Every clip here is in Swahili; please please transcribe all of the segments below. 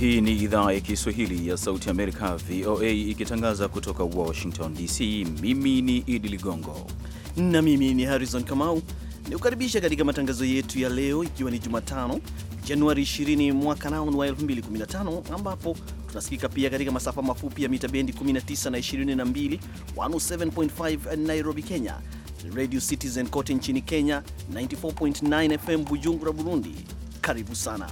Hii ni idhaa ya Kiswahili ya Sauti Amerika, VOA, ikitangaza kutoka Washington DC. Mimi ni Idi Ligongo na mimi ni Harrison Kamau, nikukaribisha katika matangazo yetu ya leo, ikiwa ni Jumatano Januari 20 mwaka nao wa 2015 ambapo tunasikika pia katika masafa mafupi ya mita bendi 19 na 22, 107.5 Nairobi, Kenya, Radio Citizen kote nchini Kenya, 94.9 FM Bujumbura, Burundi. Karibu sana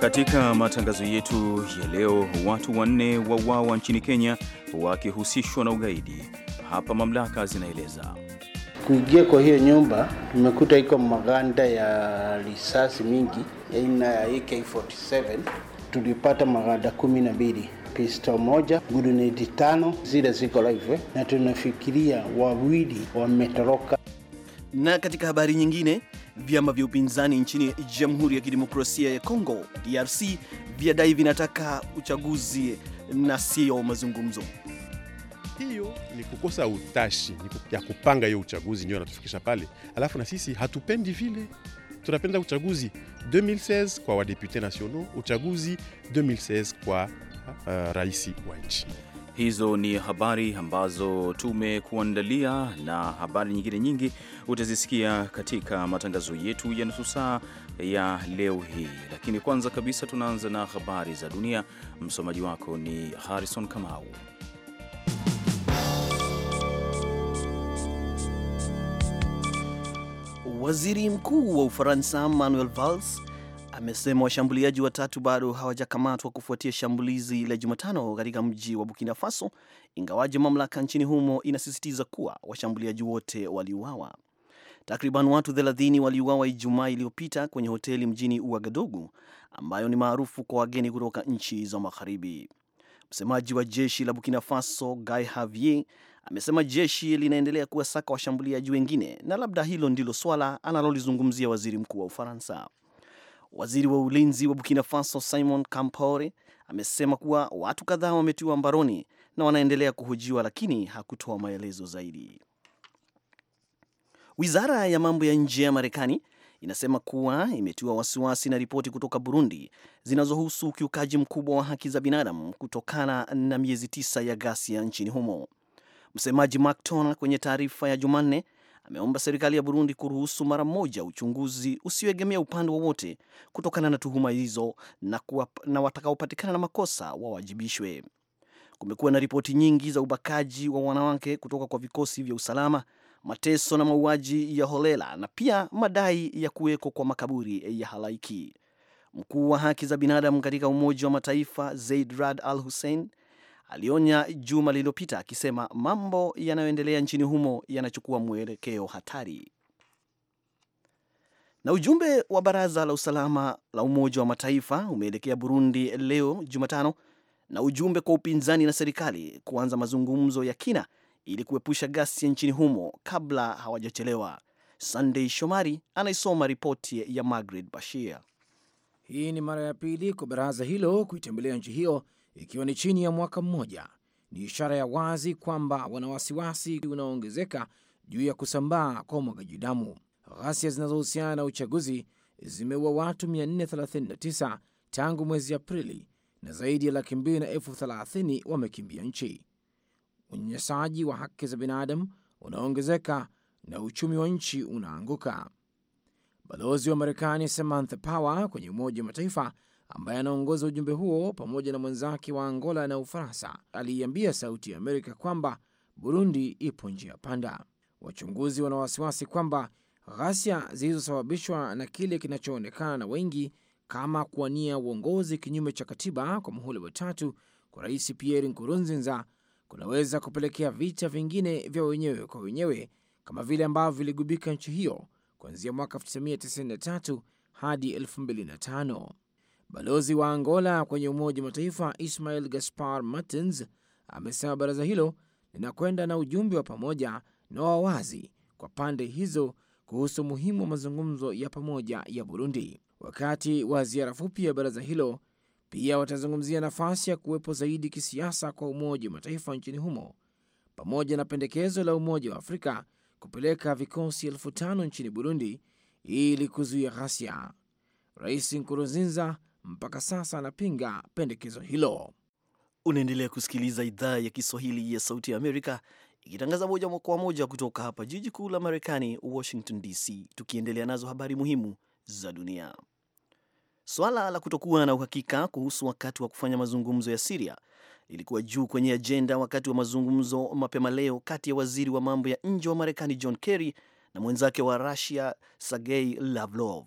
Katika matangazo yetu ya leo, watu wanne wauawa nchini Kenya wakihusishwa na ugaidi. Hapa mamlaka zinaeleza kuingia kwa hiyo nyumba, tumekuta iko maganda ya risasi mingi aina ya AK47. Tulipata maganda kumi na mbili, pisto moja, guruneti tano, zile ziko live na tunafikiria wawili wametoroka. Na katika habari nyingine Vyama vya upinzani nchini Jamhuri ya Kidemokrasia ya Kongo DRC vyadai vinataka uchaguzi na sio mazungumzo. Hiyo ni kukosa utashi ya kupanga hiyo uchaguzi, ndio anatufikisha pale. Alafu na sisi hatupendi vile, tunapenda uchaguzi 2016 kwa wadepute nationaux, uchaguzi 2016 kwa uh, raisi wa nchi. Hizo ni habari ambazo tumekuandalia na habari nyingine nyingi utazisikia katika matangazo yetu ya nusu saa ya leo hii, lakini kwanza kabisa tunaanza na habari za dunia. Msomaji wako ni Harrison Kamau. Waziri Mkuu wa Ufaransa Manuel Valls amesema washambuliaji watatu bado hawajakamatwa kufuatia shambulizi la Jumatano katika mji wa Burkina Faso, ingawaje mamlaka nchini humo inasisitiza kuwa washambuliaji wote waliuawa. Takriban watu 30 waliuawa Ijumaa iliyopita kwenye hoteli mjini Uagadugu ambayo ni maarufu kwa wageni kutoka nchi za magharibi. Msemaji wa jeshi la Burkina Faso Guy Havier amesema jeshi linaendelea kuwasaka washambuliaji wengine, na labda hilo ndilo swala analolizungumzia waziri mkuu wa Ufaransa. Waziri wa ulinzi wa Burkina Faso Simon Kampore amesema kuwa watu kadhaa wametiwa mbaroni na wanaendelea kuhojiwa, lakini hakutoa maelezo zaidi. Wizara ya mambo ya nje ya Marekani inasema kuwa imetiwa wasiwasi na ripoti kutoka Burundi zinazohusu ukiukaji mkubwa wa haki za binadamu kutokana na miezi tisa ya ghasia nchini humo. Msemaji Mark Toner kwenye taarifa ya Jumanne ameomba serikali ya Burundi kuruhusu mara moja uchunguzi usioegemea upande wowote kutokana na tuhuma hizo na, kuwa, na watakaopatikana na makosa wawajibishwe. Kumekuwa na ripoti nyingi za ubakaji wa wanawake kutoka kwa vikosi vya usalama, mateso na mauaji ya holela na pia madai ya kuwekwa kwa makaburi ya halaiki. Mkuu wa haki za binadamu katika Umoja wa Mataifa Zaid Rad Al Hussein alionya juma lililopita akisema mambo yanayoendelea nchini humo yanachukua mwelekeo hatari. Na ujumbe wa Baraza la Usalama la Umoja wa Mataifa umeelekea Burundi leo Jumatano na ujumbe kwa upinzani na serikali kuanza mazungumzo ya kina ili kuepusha ghasia nchini humo kabla hawajachelewa. Sunday Shomari anaisoma ripoti ya Margaret Bashir. Hii ni mara ya pili kwa baraza hilo kuitembelea nchi hiyo ikiwa ni chini ya mwaka mmoja, ni ishara ya wazi kwamba wana wasiwasi unaoongezeka juu ya kusambaa kwa umwagaji damu. Ghasia zinazohusiana na uchaguzi zimeua watu 439 tangu mwezi Aprili na zaidi ya laki mbili na elfu thelathini wamekimbia nchi. Unyanyasaji wa haki za binadamu unaongezeka na uchumi wa nchi unaanguka. Balozi wa Marekani Samantha Power kwenye Umoja wa Mataifa ambaye anaongoza ujumbe huo pamoja na mwenzake wa Angola na Ufaransa aliiambia Sauti ya Amerika kwamba Burundi ipo njia panda. Wachunguzi wana wasiwasi kwamba ghasia zilizosababishwa na kile kinachoonekana na wengi kama kuwania uongozi kinyume cha katiba kwa muhula watatu kwa Rais Pierre Nkurunziza kunaweza kupelekea vita vingine vya wenyewe kwa wenyewe kama vile ambavyo viligubika nchi hiyo kuanzia mwaka 1993 hadi 2005. Balozi wa Angola kwenye Umoja wa Mataifa Ismail Gaspar Martins amesema baraza hilo linakwenda na ujumbe wa pamoja na wa wazi kwa pande hizo kuhusu umuhimu wa mazungumzo ya pamoja ya Burundi. Wakati wa ziara fupi ya baraza hilo, pia watazungumzia nafasi ya kuwepo zaidi kisiasa kwa Umoja wa Mataifa nchini humo pamoja na pendekezo la Umoja wa Afrika kupeleka vikosi elfu tano nchini Burundi ili kuzuia ghasia. Rais Nkurunziza mpaka sasa anapinga pendekezo hilo. Unaendelea kusikiliza idhaa ya Kiswahili ya Sauti ya Amerika ikitangaza moja kwa moja kutoka hapa jiji kuu la Marekani, Washington DC, tukiendelea nazo habari muhimu za dunia. Swala la kutokuwa na uhakika kuhusu wakati wa kufanya mazungumzo ya Siria lilikuwa juu kwenye ajenda wakati wa mazungumzo mapema leo kati ya waziri wa mambo ya nje wa Marekani John Kerry na mwenzake wa Rusia Sergei Lavrov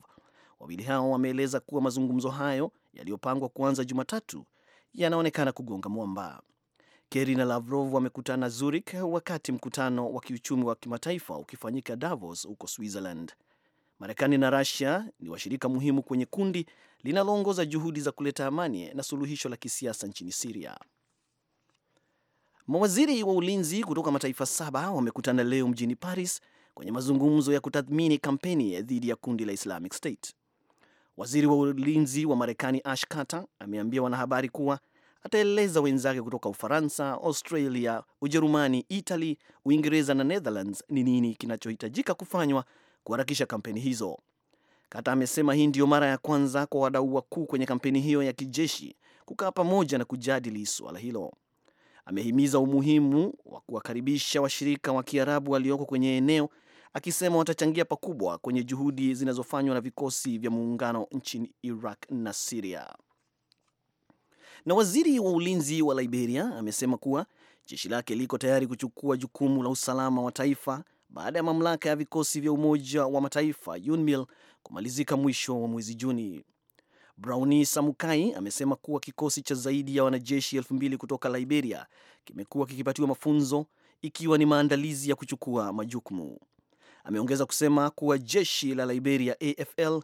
Wawili hao wameeleza kuwa mazungumzo hayo yaliyopangwa kuanza Jumatatu yanaonekana kugonga mwamba. Kerry na Lavrov wamekutana Zurich wakati mkutano wa kiuchumi wa kimataifa ukifanyika Davos huko Switzerland. Marekani na Russia ni washirika muhimu kwenye kundi linaloongoza juhudi za kuleta amani na suluhisho la kisiasa nchini Siria. Mawaziri wa ulinzi kutoka mataifa saba wamekutana leo mjini Paris kwenye mazungumzo ya kutathmini kampeni dhidi ya kundi la Islamic State. Waziri wa ulinzi wa Marekani Ash Carter ameambia wanahabari kuwa ataeleza wenzake kutoka Ufaransa, Australia, Ujerumani, Italy, Uingereza na Netherlands ni nini kinachohitajika kufanywa kuharakisha kampeni hizo. Kata amesema hii ndiyo mara ya kwanza kwa wadau wakuu kwenye kampeni hiyo ya kijeshi kukaa pamoja na kujadili suala hilo. Amehimiza umuhimu wa kuwakaribisha washirika wa Kiarabu walioko kwenye eneo akisema watachangia pakubwa kwenye juhudi zinazofanywa na vikosi vya muungano nchini Iraq na Siria. Na waziri wa ulinzi wa Liberia amesema kuwa jeshi lake liko tayari kuchukua jukumu la usalama wa taifa baada ya mamlaka ya vikosi vya Umoja wa Mataifa UNMIL kumalizika mwisho wa mwezi Juni. Browni Samukai amesema kuwa kikosi cha zaidi ya wanajeshi elfu mbili kutoka Liberia kimekuwa kikipatiwa mafunzo ikiwa ni maandalizi ya kuchukua majukumu. Ameongeza kusema kuwa jeshi la Liberia AFL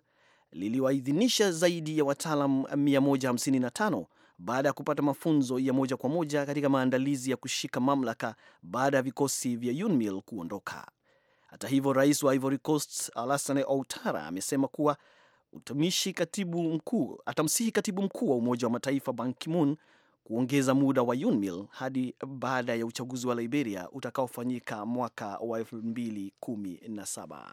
liliwaidhinisha zaidi ya wataalam 155 baada ya kupata mafunzo ya moja kwa moja katika maandalizi ya kushika mamlaka baada ya vikosi vya UNMIL kuondoka. Hata hivyo, rais wa Ivory Coast Alassane Ouattara amesema kuwa utumishi katibu mkuu atamsihi katibu mkuu wa Umoja wa Mataifa Ban Ki-moon kuongeza muda wa UNMIL hadi baada ya uchaguzi wa Liberia utakaofanyika mwaka wa 2017.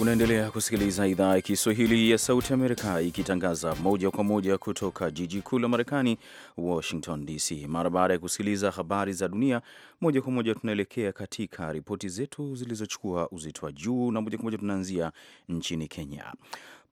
Unaendelea kusikiliza idhaa ya Kiswahili ya Sauti Amerika ikitangaza moja kwa moja kutoka jiji kuu la Marekani, Washington DC. Mara baada ya kusikiliza habari za dunia moja kwa moja, tunaelekea katika ripoti zetu zilizochukua uzito wa juu, na moja kwa moja tunaanzia nchini Kenya.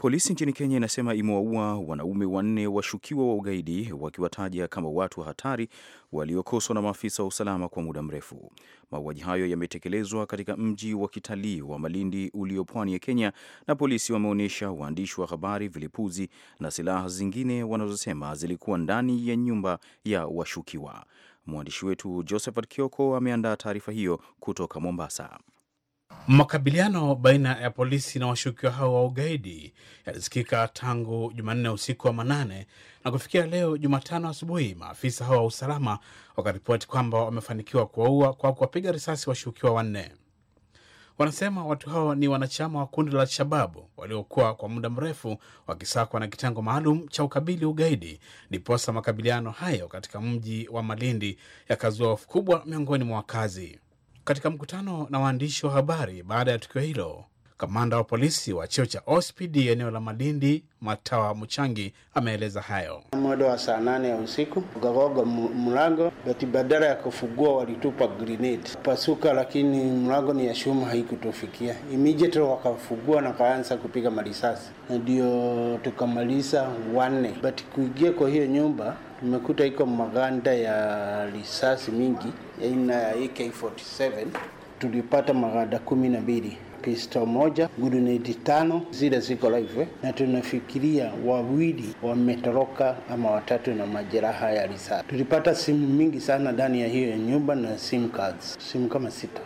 Polisi nchini Kenya inasema imewaua wanaume wanne washukiwa wa ugaidi wakiwataja kama watu wa hatari waliokoswa na maafisa wa usalama kwa muda mrefu. Mauaji hayo yametekelezwa katika mji wa kitalii wa Malindi ulio pwani ya Kenya, na polisi wameonyesha waandishi wa habari vilipuzi na silaha zingine wanazosema zilikuwa ndani ya nyumba ya washukiwa. Mwandishi wetu Josephat Kioko ameandaa taarifa hiyo kutoka Mombasa. Makabiliano baina ya polisi na washukiwa hao wa ugaidi yalisikika tangu Jumanne usiku wa manane na kufikia leo Jumatano asubuhi, maafisa hao wa usalama wakaripoti kwamba wamefanikiwa kuwaua kwa kuwapiga risasi washukiwa wanne. Wanasema watu hao ni wanachama wa kundi la shababu waliokuwa kwa muda mrefu wakisakwa na kitengo maalum cha ukabili ugaidi, ndiposa makabiliano hayo katika mji wa Malindi yakazua hofu kubwa miongoni mwa wakazi katika mkutano na waandishi wa habari baada ya tukio hilo. Kamanda wa polisi wa cheo cha OSPD eneo la Malindi, Matawa Muchangi, ameeleza hayo. Mwendo wa saa nane ya usiku ukagoga mlango bati, badala ya kufugua walitupa grenade pasuka, lakini mlango ni ya shuma haikutufikia. Immediately wakafugua na kaanza kupiga marisasi, ndio tukamaliza wanne, bati kuingia kwa hiyo nyumba tumekuta iko maganda ya risasi mingi aina ya AK47 tulipata maganda kumi na mbili Kristo moja guruneti tano zile ziko live eh? na tunafikiria wawili wametoroka ama watatu na majeraha ya risasi. Tulipata simu mingi sana ndani ya hiyo nyumba na sim cards, simu kama sita.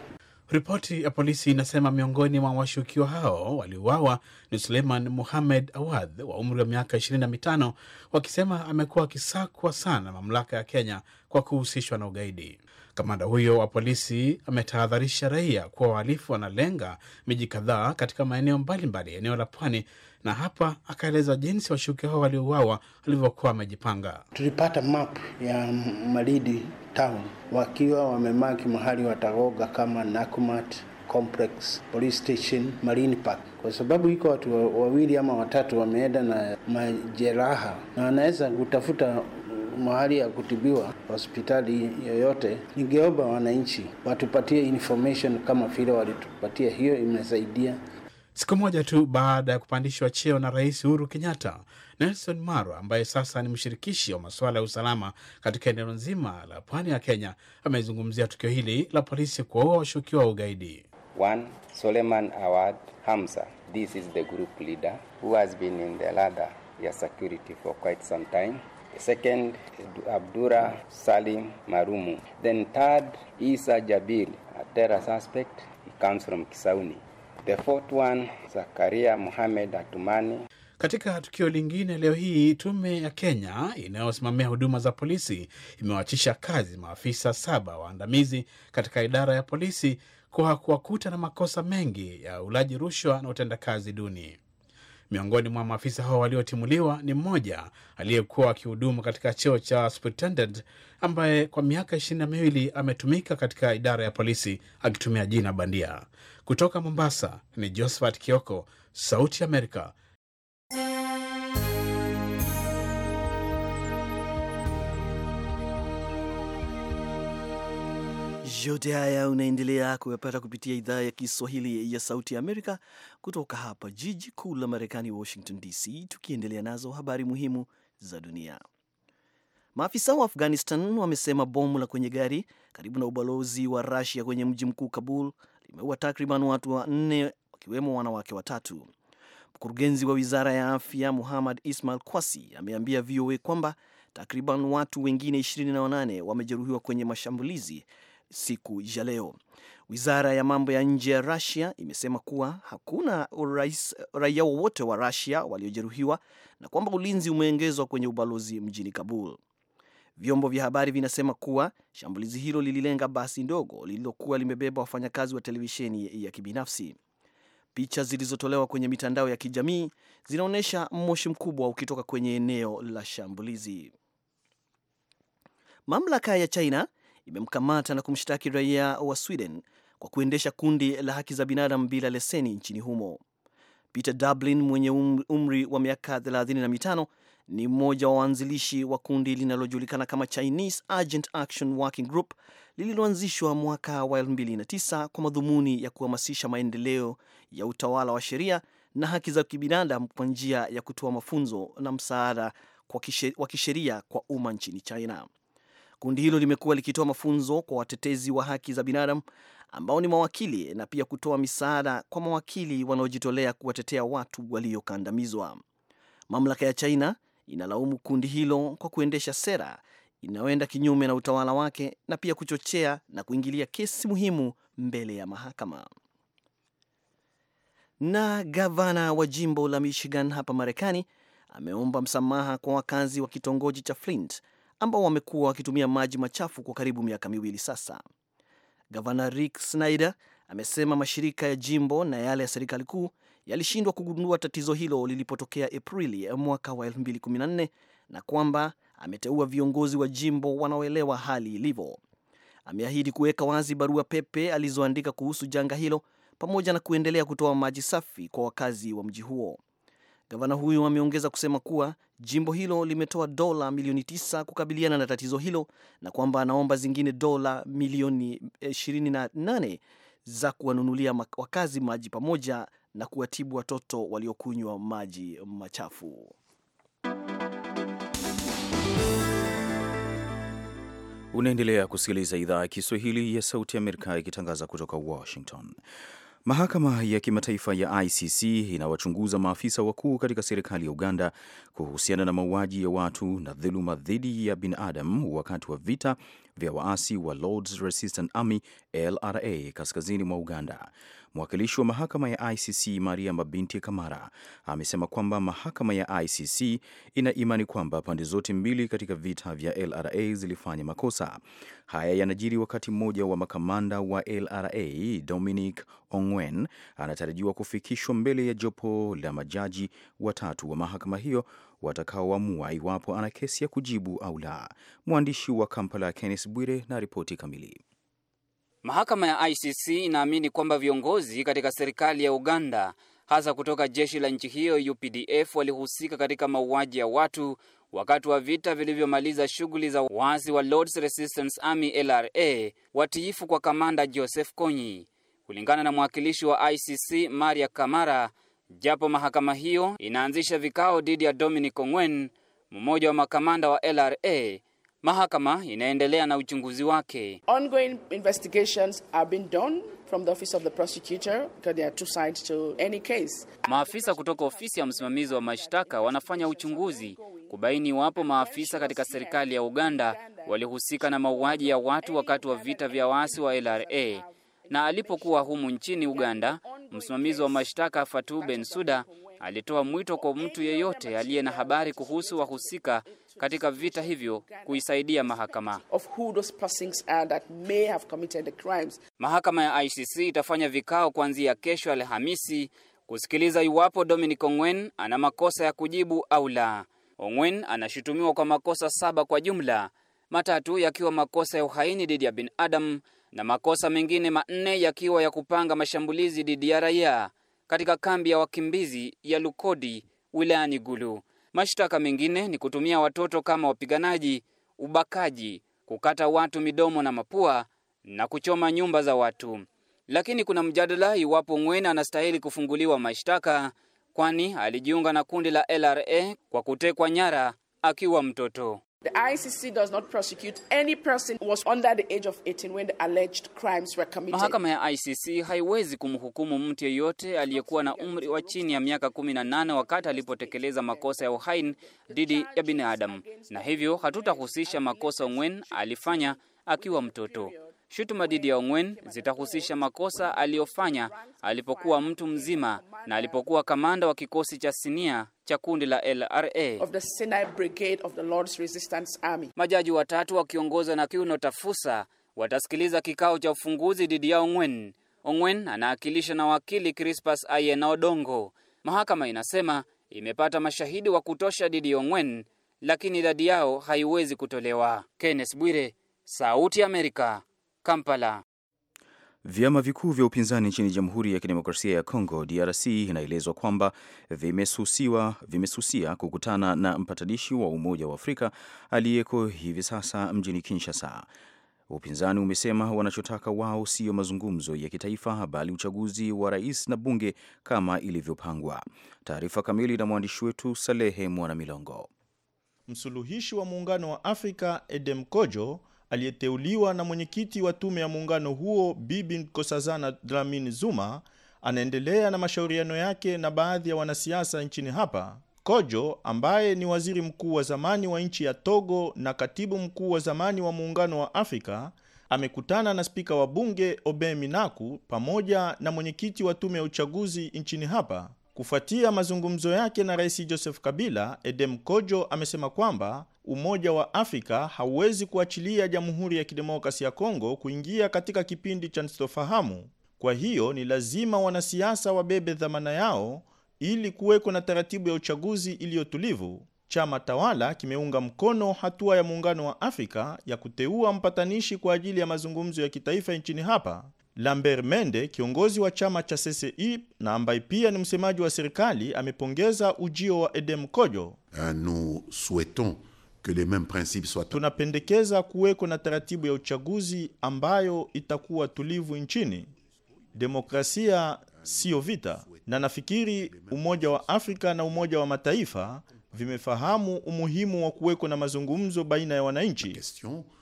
Ripoti ya polisi inasema miongoni mwa washukiwa hao waliuawa ni Suleiman Muhamed Awadh wa umri wa miaka ishirini na mitano, wakisema amekuwa akisakwa sana mamlaka ya Kenya kwa kuhusishwa na ugaidi. Kamanda huyo wa polisi ametahadharisha raia kuwa wahalifu wanalenga miji kadhaa katika maeneo mbalimbali eneo la pwani, na hapa akaeleza jinsi washukiwa hao waliouawa walivyokuwa wamejipanga. Tulipata map ya Malindi town wakiwa wamemaki mahali watagoga kama Nakumat complex police station Marine Park, kwa sababu iko watu wawili ama watatu wameenda na majeraha na wanaweza kutafuta mahali ya kutibiwa hospitali yoyote, ningeomba wananchi watupatie information kama vile walitupatia hiyo, imesaidia. Siku moja tu baada ya kupandishwa cheo na Rais Uhuru Kenyatta, Nelson Marwa ambaye sasa ni mshirikishi wa masuala ya usalama katika eneo nzima la pwani ya Kenya amezungumzia tukio hili la polisi kuwaua washukiwa wa ugaidi. One, Suleiman Awad Hamza. This is the group leader who has been in the ladder ya security for quite some time. Second is Abdura Salim Marumu. Then third, Isa Jabil, a terror suspect. He comes from Kisauni. The fourth one, Zakaria Mohamed Atumani. Katika tukio lingine leo hii, tume ya Kenya inayosimamia huduma za polisi imewachisha kazi maafisa saba waandamizi katika idara ya polisi kwa kuwakuta na makosa mengi ya ulaji rushwa na utendakazi duni. Miongoni mwa maafisa hao waliotimuliwa ni mmoja aliyekuwa akihudumu katika cheo cha superintendent ambaye kwa miaka ishirini na miwili ametumika katika idara ya polisi akitumia jina bandia. Kutoka Mombasa ni Josephat Kioko, Sauti Amerika. Yote haya unaendelea kuyapata kupitia idhaa ya Kiswahili ya Sauti ya Amerika kutoka hapa jiji kuu la Marekani, Washington DC, tukiendelea nazo habari muhimu za dunia. Maafisa wa Afghanistan wamesema bomu la kwenye gari karibu na ubalozi wa Rusia kwenye mji mkuu Kabul limeua takriban watu wanne wakiwemo wanawake watatu. Mkurugenzi wa wizara ya afya Muhammad Ismail Kwasi ameambia VOA kwamba takriban watu wengine 28 wamejeruhiwa kwenye mashambulizi siku ya leo. Wizara ya mambo ya nje ya rasia imesema kuwa hakuna raia wowote wa rasia waliojeruhiwa na kwamba ulinzi umeongezwa kwenye ubalozi mjini Kabul. Vyombo vya habari vinasema kuwa shambulizi hilo lililenga basi ndogo lililokuwa limebeba wafanyakazi wa televisheni ya kibinafsi. Picha zilizotolewa kwenye mitandao ya kijamii zinaonyesha moshi mkubwa ukitoka kwenye eneo la shambulizi. Mamlaka ya China imemkamata na kumshtaki raia wa Sweden kwa kuendesha kundi la haki za binadamu bila leseni nchini humo. Peter Dublin mwenye um-, umri wa miaka 35 ni mmoja wa waanzilishi wa kundi linalojulikana kama Chinese Urgent Action Working Group lililoanzishwa mwaka wa 2009 kwa madhumuni ya kuhamasisha maendeleo ya utawala wa sheria na haki za kibinadamu kwa njia ya kutoa mafunzo na msaada wa kisheria kwa umma nchini China. Kundi hilo limekuwa likitoa mafunzo kwa watetezi wa haki za binadamu ambao ni mawakili na pia kutoa misaada kwa mawakili wanaojitolea kuwatetea watu waliokandamizwa. Mamlaka ya China inalaumu kundi hilo kwa kuendesha sera inayoenda kinyume na utawala wake na pia kuchochea na kuingilia kesi muhimu mbele ya mahakama. Na gavana wa jimbo la Michigan hapa Marekani ameomba msamaha kwa wakazi wa kitongoji cha Flint ambao wamekuwa wakitumia maji machafu kwa karibu miaka miwili sasa. Gavana Rick Snyder amesema mashirika ya jimbo na yale ya serikali kuu yalishindwa kugundua tatizo hilo lilipotokea Aprili mwaka wa 2014 na kwamba ameteua viongozi wa jimbo wanaoelewa hali ilivyo. Ameahidi kuweka wazi barua pepe alizoandika kuhusu janga hilo pamoja na kuendelea kutoa maji safi kwa wakazi wa mji huo. Gavana huyu ameongeza kusema kuwa jimbo hilo limetoa dola milioni tisa kukabiliana na tatizo hilo na kwamba anaomba zingine dola milioni 28 eh, za kuwanunulia wakazi maji pamoja na kuwatibu watoto waliokunywa maji machafu. Unaendelea kusikiliza idhaa ya Kiswahili ya Sauti ya Amerika ikitangaza kutoka Washington. Mahakama ya kimataifa ya ICC inawachunguza maafisa wakuu katika serikali ya Uganda kuhusiana na mauaji ya watu na dhuluma dhidi ya binadamu wakati wa vita vya waasi wa Lords Resistance Army LRA kaskazini mwa Uganda. Mwakilishi wa mahakama ya ICC maria Mabinti Kamara amesema kwamba mahakama ya ICC ina imani kwamba pande zote mbili katika vita vya LRA zilifanya makosa. Haya yanajiri wakati mmoja wa makamanda wa LRA Dominic Ongwen anatarajiwa kufikishwa mbele ya jopo la majaji watatu wa mahakama hiyo watakaoamua iwapo ana kesi ya kujibu au la. Mwandishi wa Kampala kennes Bwire na ripoti kamili. Mahakama ya ICC inaamini kwamba viongozi katika serikali ya Uganda hasa kutoka jeshi la nchi hiyo UPDF walihusika katika mauaji ya watu wakati wa vita vilivyomaliza shughuli za waasi wa Lords Resistance Army LRA watiifu kwa kamanda Joseph Kony. Kulingana na mwakilishi wa ICC Maria Kamara, japo mahakama hiyo inaanzisha vikao dhidi ya Dominic Ongwen, mmoja wa makamanda wa LRA. Mahakama inaendelea na uchunguzi wake. Ongoing investigations have been done from the office of the prosecutor because there are two sides to any case. Maafisa kutoka ofisi ya msimamizi wa mashtaka wanafanya uchunguzi kubaini iwapo maafisa katika serikali ya Uganda walihusika na mauaji ya watu wakati wa vita vya waasi wa LRA. Na alipokuwa humu nchini Uganda, Msimamizi wa mashtaka Fatou Bensouda alitoa mwito kwa mtu yeyote aliye na habari kuhusu wahusika katika vita hivyo kuisaidia mahakama. Mahakama ya ICC itafanya vikao kuanzia kesho Alhamisi kusikiliza iwapo Dominic Ongwen ana makosa ya kujibu au la. Ongwen anashutumiwa kwa makosa saba kwa jumla, matatu yakiwa makosa ya uhaini dhidi ya binadamu na makosa mengine manne yakiwa ya kupanga mashambulizi dhidi ya raia katika kambi ya wakimbizi ya Lukodi wilayani Gulu. Mashtaka mengine ni kutumia watoto kama wapiganaji, ubakaji, kukata watu midomo na mapua na kuchoma nyumba za watu. Lakini kuna mjadala iwapo Ng'wena anastahili kufunguliwa mashtaka, kwani alijiunga na kundi la LRA kwa kutekwa nyara akiwa mtoto. The ICC does not prosecute any person who was under the age of 18 when the alleged crimes were committed. Mahakama ya ICC haiwezi kumhukumu mtu yeyote aliyekuwa na umri wa chini ya miaka 18 wakati alipotekeleza makosa ya uhaini dhidi ya binadamu. Na hivyo hatutahusisha makosa Ongwen alifanya akiwa mtoto. Shutuma dhidi ya Ongwen zitahusisha makosa aliyofanya alipokuwa mtu mzima na alipokuwa kamanda wa kikosi cha Sinia cha kundi la LRA of the Sinai Brigade of the Lord's Resistance Army. Majaji watatu wakiongozwa na Kiuno Tafusa watasikiliza kikao cha ufunguzi dhidi ya Ongwen. Ongwen anaakilisha na wakili Crispas Ayena Odongo. Mahakama inasema imepata mashahidi wa kutosha dhidi ya Ongwen, lakini idadi yao haiwezi kutolewa. Kenneth Bwire, Sauti ya Amerika, Kampala. Vyama vikuu vya upinzani nchini Jamhuri ya Kidemokrasia ya Kongo DRC inaelezwa kwamba vimesusiwa vimesusia kukutana na mpatanishi wa Umoja wa Afrika aliyeko hivi sasa mjini Kinshasa. Upinzani umesema wanachotaka wao sio mazungumzo ya kitaifa bali uchaguzi wa rais na bunge kama ilivyopangwa. Taarifa kamili na mwandishi wetu Salehe Mwanamilongo. Msuluhishi wa Muungano wa Afrika Edem Kojo aliyeteuliwa na mwenyekiti wa tume ya muungano huo Bibi Nkosazana Dlamini Zuma anaendelea na mashauriano yake na baadhi ya wanasiasa nchini hapa. Kojo ambaye ni waziri mkuu wa zamani wa nchi ya Togo na katibu mkuu wa zamani wa muungano wa Afrika amekutana na spika wa bunge Obe Minaku pamoja na mwenyekiti wa tume ya uchaguzi nchini hapa. Kufuatia mazungumzo yake na Rais Joseph Kabila, Edem Kojo amesema kwamba Umoja wa Afrika hauwezi kuachilia Jamhuri ya Kidemokrasi ya Kongo kuingia katika kipindi cha sintofahamu. Kwa hiyo ni lazima wanasiasa wabebe dhamana yao ili kuweko na taratibu ya uchaguzi iliyotulivu. Chama tawala kimeunga mkono hatua ya Muungano wa Afrika ya kuteua mpatanishi kwa ajili ya mazungumzo ya kitaifa nchini hapa. Lambert Mende, kiongozi wa chama cha CCI e na ambaye pia ni msemaji wa serikali, amepongeza ujio wa Edem Kojo. Uh, nous souhaitons que les mêmes principes soient. Tunapendekeza kuweko na taratibu ya uchaguzi ambayo itakuwa tulivu nchini. Demokrasia siyo vita, na nafikiri Umoja wa Afrika na Umoja wa Mataifa vimefahamu umuhimu wa kuweko na mazungumzo baina ya wananchi.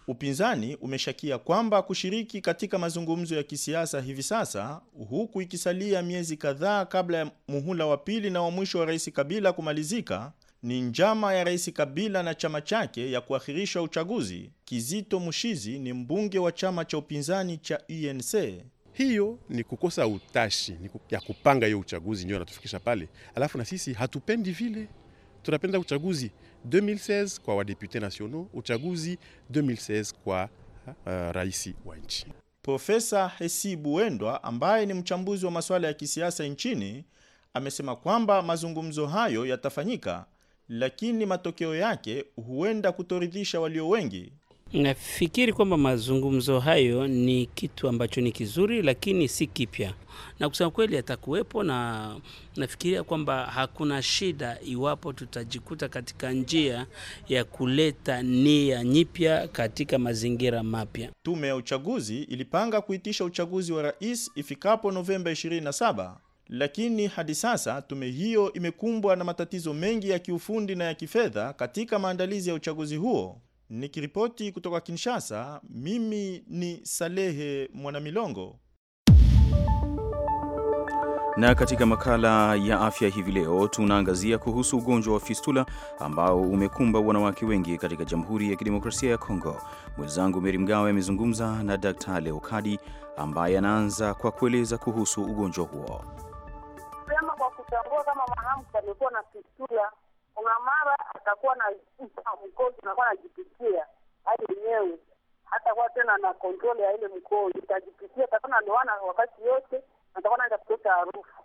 Upinzani umeshakia kwamba kushiriki katika mazungumzo ya kisiasa hivi sasa, huku ikisalia miezi kadhaa kabla ya muhula wa pili na wa mwisho wa Rais Kabila kumalizika, ni njama ya Rais Kabila na chama chake ya kuahirisha uchaguzi. Kizito Mushizi ni mbunge wa chama cha upinzani cha UNC. E hiyo ni kukosa utashi ya kupanga hiyo uchaguzi, ndio anatufikisha pale. Alafu na sisi hatupendi vile, tunapenda uchaguzi 2016 kwa wadepute nationaux, uchaguzi 2016 kwa uh, raisi wa nchi. Profesa Hesi Buendwa ambaye ni mchambuzi wa masuala ya kisiasa nchini amesema kwamba mazungumzo hayo yatafanyika lakini matokeo yake huenda kutoridhisha walio wengi. Nafikiri kwamba mazungumzo hayo ni kitu ambacho ni kizuri, lakini si kipya, na kusema kweli yatakuwepo, na nafikiria kwamba hakuna shida iwapo tutajikuta katika njia ya kuleta nia nyipya katika mazingira mapya. Tume ya uchaguzi ilipanga kuitisha uchaguzi wa rais ifikapo Novemba 27 lakini hadi sasa tume hiyo imekumbwa na matatizo mengi ya kiufundi na ya kifedha katika maandalizi ya uchaguzi huo. Nikiripoti kutoka Kinshasa, mimi ni Salehe Mwanamilongo. Na katika makala ya afya hivi leo tunaangazia kuhusu ugonjwa wa fistula ambao umekumba wanawake wengi katika Jamhuri ya Kidemokrasia ya Kongo. Mwenzangu Meri Mgawe amezungumza na dkt Leokadi ambaye anaanza kwa kueleza kuhusu ugonjwa huo kama mwanamke alikuwa na kisura, kuna mara atakuwa na mkozi anakuwa najipikia hadi yenyewe, hata kuwa tena na kontrole ya ile mkojo, itajipikia atakuwa naloana wakati yote, atakuwa naenda kutoka harufu,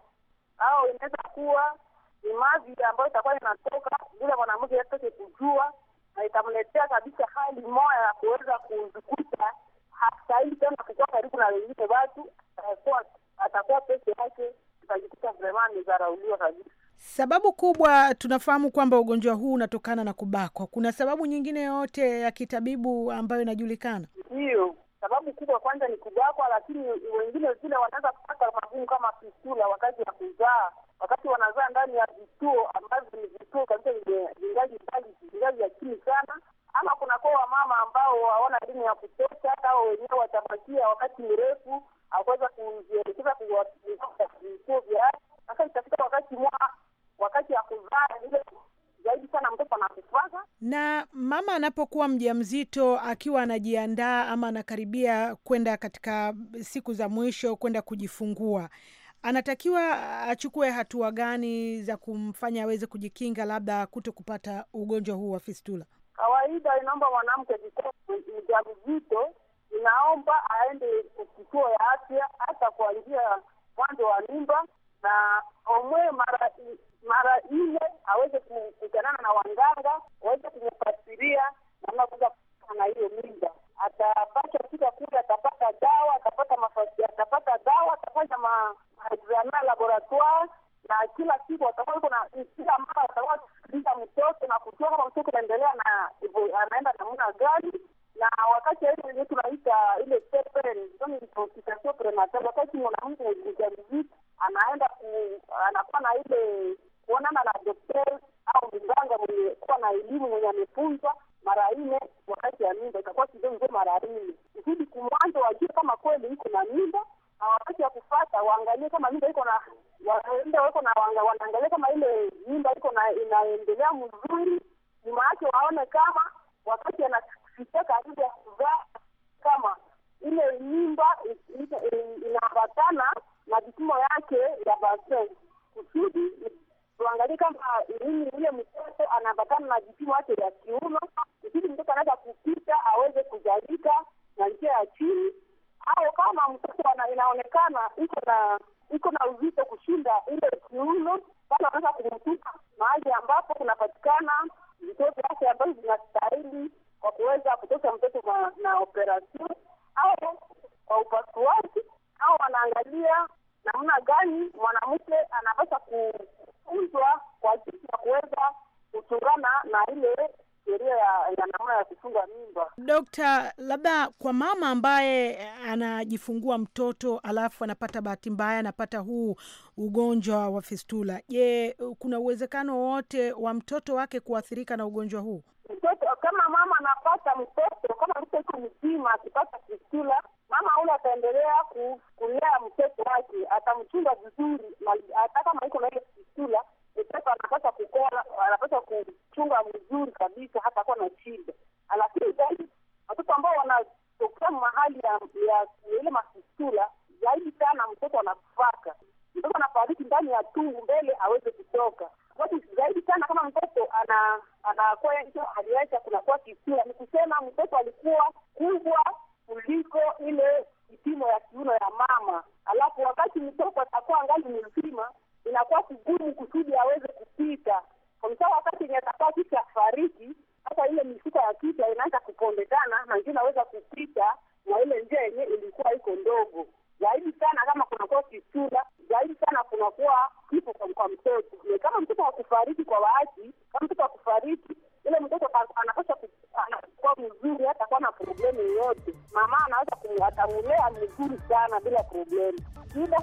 au inaweza kuwa ni mavi ambayo itakuwa inatoka bila mwanamke yatoke kujua, na itamletea kabisa hali moya ya kuweza kuzukuta hastahili tena kukuwa karibu na wengine watu, atakuwa atakuwa peke yake utajikuta vraiment amedharauliwa kabisa. Sababu kubwa tunafahamu kwamba ugonjwa huu unatokana na kubakwa. Kuna sababu nyingine yoyote ya kitabibu ambayo inajulikana? Ndiyo, sababu kubwa kwanza ni kubakwa, lakini wengine vile wanaweza kupata magumu kama fistula wakati ya kuzaa, wakati wanazaa ndani ya vituo ambavyo ni vituo kabisa vingazi vingazi ya chini sana, ama kunakuwa wamama ambao waona dini ya kutosha, hata wenyewe watabakia wakati mrefu akuweza kujielekeza vituo vya afya. Sasa itafika wakati mwa wakati ya kuzaa ile zaidi sana mtoto anakufaga. Na mama anapokuwa mjamzito akiwa anajiandaa ama anakaribia kwenda katika siku za mwisho kwenda kujifungua anatakiwa achukue hatua gani za kumfanya aweze kujikinga labda kuto kupata ugonjwa huu wa fistula? Kawaida inaomba mwanamke mjamzito inaomba aende kituo ya afya hata kwa njia mwanzo wa mimba na omwe mara mara ile aweze kukutanana na wanganga waweze kumufasiria namna kuweza na hiyo mimba. Atapata kila kule, atapata dawa, atapata mafasi, atapata dawa, atafanya ma examen laboratoire na kila siku atakuwa na kila mara atakuwa kusikiliza mtoto na kujua kama mtoto anaendelea na anaenda namna gani, na wakati ile tunaita ile premature, wakati mwanamke mjamzito anaenda anakuwa na ile kuonana na daktari au mganga mwenye kuwa na elimu mwenye amefunzwa mara nne wakati ya mimba itakuwa kidonge mara nne ili kumwanza wajue kama kweli iko na mimba na wakati ya kufata waangalie kama mimba iko na wako na wanaangalia kama ile mimba iko na inaendelea mzuri nyumba inaambatana na vipimo yake ya basin, kusudi tuangalie kama nini yule mtoto anaambatana na vipimo yake ya kiuno, kusudi mtoto anaweza kupita aweze kujalika na njia ya chini, au kama mtoto inaonekana iko na iko na uzito kushinda ile kiuno, basi anaweza kumtuka mahali ambapo kunapatikana vitozi yake ambazo zinastahili kwa kuweza kutosha mtoto na operation au kwa upasuaji au wanaangalia namna gani mwanamke anapaswa kufunzwa kwa jinsi ya kuweza kuchungana na ile sheria ya namna ya kufunga mimba. Dokta, labda kwa mama ambaye anajifungua mtoto alafu anapata bahati mbaya anapata huu ugonjwa wa fistula, je, kuna uwezekano wote wa mtoto wake kuathirika na ugonjwa huu? Mtoto kama mama anapata mauaji, kama mtoto akufariki, ile mtoto anapaswa kuwa mzuri, hata kuwa na problemu yoyote. Mama anaweza atamulea mzuri sana bila problemu. Shida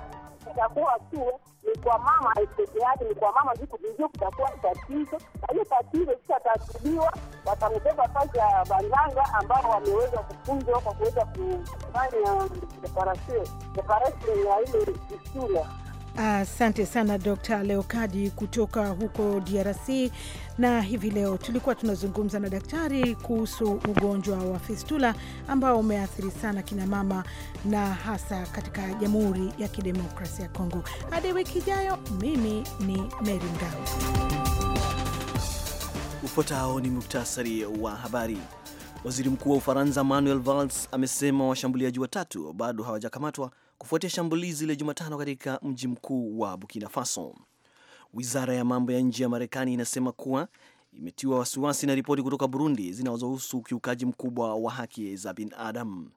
itakuwa tu ni kwa mama peke yake, ni kwa mama juu kujijua kutakuwa tatizo, na hiyo tatizo kisha atatibiwa, watamubeba kazi ya banganga ambao wameweza kufunzwa kwa kuweza kufanya operesheni ya ile kisula Asante uh, sana Dr. Leokadi kutoka huko DRC. Na hivi leo tulikuwa tunazungumza na daktari kuhusu ugonjwa wa fistula ambao umeathiri sana kina mama na hasa katika Jamhuri ya Kidemokrasia ya Kongo. Hadi wiki ijayo, mimi ni Meri Mgawe. Ufuatao ni muktasari wa habari. Waziri Mkuu wa Ufaransa Manuel Valls amesema washambuliaji watatu bado hawajakamatwa kufuatia shambulizi la Jumatano katika mji mkuu wa Burkina Faso. Wizara ya mambo ya nje ya Marekani inasema kuwa imetiwa wasiwasi na ripoti kutoka Burundi zinazohusu ukiukaji mkubwa wa haki za binadamu.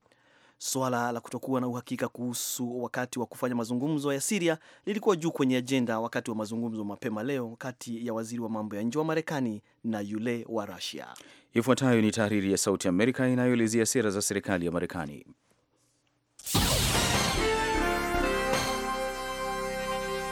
Swala la kutokuwa na uhakika kuhusu wakati wa kufanya mazungumzo ya Siria lilikuwa juu kwenye ajenda wakati wa mazungumzo mapema leo kati ya waziri wa mambo ya nje wa Marekani na yule wa Rusia. Ifuatayo ni tahariri ya Sauti Amerika inayoelezea sera za serikali ya Marekani.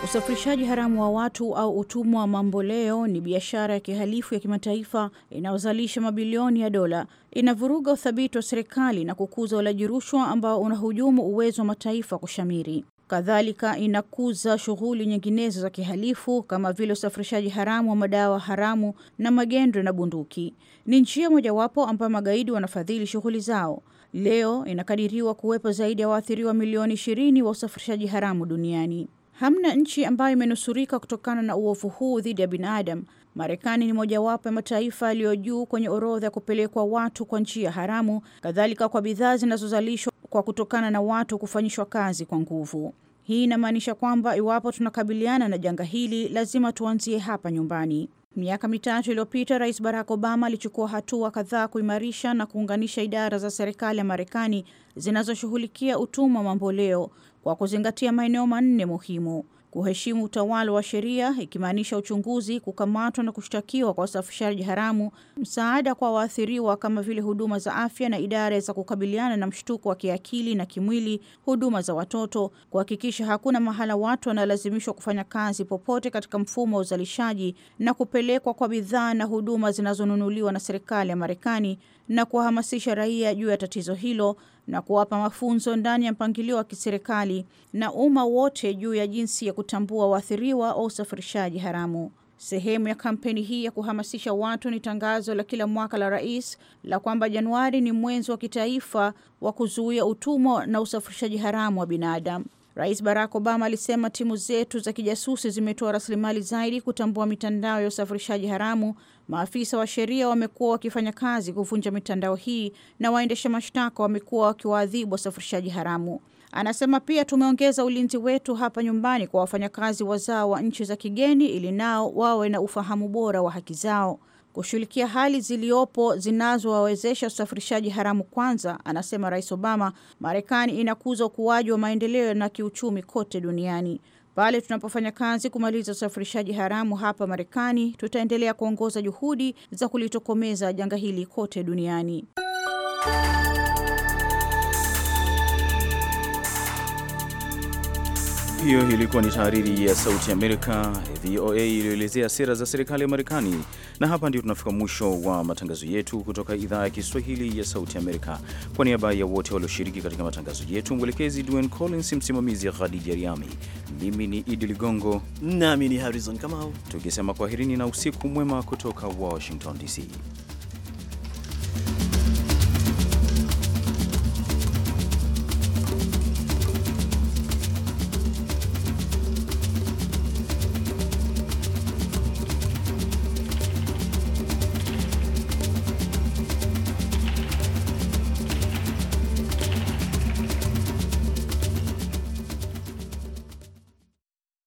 Usafirishaji haramu wa watu au utumwa wa mamboleo ni biashara ya kihalifu ya kimataifa inayozalisha mabilioni ya dola, inavuruga uthabiti wa serikali na kukuza ulaji rushwa ambao unahujumu uwezo wa mataifa kushamiri. Kadhalika inakuza shughuli nyinginezo za kihalifu kama vile usafirishaji haramu wa madawa haramu na magendo na bunduki. Ni njia mojawapo ambayo magaidi wanafadhili shughuli zao. Leo inakadiriwa kuwepo zaidi ya waathiriwa milioni ishirini wa usafirishaji haramu duniani. Hamna nchi ambayo imenusurika kutokana na uovu huu dhidi ya binadamu. Marekani ni mojawapo ya mataifa yaliyo juu kwenye orodha ya kupelekwa watu kwa njia haramu, kadhalika kwa bidhaa zinazozalishwa kwa kutokana na watu kufanyishwa kazi kwa nguvu. Hii inamaanisha kwamba iwapo tunakabiliana na janga hili, lazima tuanzie hapa nyumbani. Miaka mitatu iliyopita, Rais Barack Obama alichukua hatua kadhaa kuimarisha na kuunganisha idara za serikali ya Marekani zinazoshughulikia utumwa mamboleo kwa kuzingatia maeneo manne muhimu: kuheshimu utawala wa sheria, ikimaanisha uchunguzi, kukamatwa na kushtakiwa kwa usafishaji haramu, msaada kwa waathiriwa kama vile huduma za afya na idara za kukabiliana na mshtuko wa kiakili na kimwili, huduma za watoto, kuhakikisha hakuna mahala watu wanalazimishwa kufanya kazi popote katika mfumo wa uzalishaji na kupelekwa kwa bidhaa na huduma zinazonunuliwa na serikali ya Marekani na kuwahamasisha raia juu ya tatizo hilo na kuwapa mafunzo ndani ya mpangilio wa kiserikali na umma wote juu ya jinsi ya kutambua waathiriwa wa usafirishaji haramu. Sehemu ya kampeni hii ya kuhamasisha watu ni tangazo la kila mwaka la rais la kwamba Januari ni mwezi wa kitaifa wa kuzuia utumwa na usafirishaji haramu wa binadamu. Rais Barack Obama alisema timu zetu za kijasusi zimetoa rasilimali zaidi kutambua mitandao ya usafirishaji haramu Maafisa wa sheria wamekuwa wakifanya kazi kuvunja mitandao hii na waendesha mashtaka wamekuwa wakiwaadhibu wasafirishaji haramu. Anasema pia, tumeongeza ulinzi wetu hapa nyumbani kwa wafanyakazi wazao wa nchi za kigeni ili nao wawe na ufahamu bora wa haki zao, kushughulikia hali ziliyopo zinazowawezesha usafirishaji haramu kwanza, anasema Rais Obama. Marekani inakuza ukuaji wa maendeleo na kiuchumi kote duniani. Pale tunapofanya kazi kumaliza usafirishaji haramu hapa Marekani, tutaendelea kuongoza juhudi za kulitokomeza janga hili kote duniani. hiyo ilikuwa ni tahariri ya Sauti Amerika VOA iliyoelezea sera za serikali ya Marekani. Na hapa ndio tunafika mwisho wa matangazo yetu kutoka idhaa ya Kiswahili ya Sauti Amerika. Kwa niaba ya wote walioshiriki katika matangazo yetu, mwelekezi Dwayne Collins, msimamizi Khadija Riami, mimi ni Idi Ligongo nami ni Harrison Kamau, tukisema kwaherini na usiku mwema kutoka Washington DC.